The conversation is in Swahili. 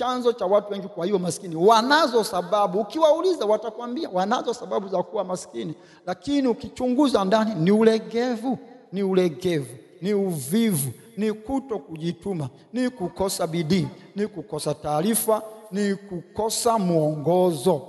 chanzo cha watu wengi kwa hiyo maskini. Wanazo sababu, ukiwauliza watakwambia wanazo sababu za kuwa maskini, lakini ukichunguza ndani ni ulegevu, ni ulegevu, ni uvivu, ni kuto kujituma, ni kukosa bidii, ni kukosa taarifa, ni kukosa mwongozo.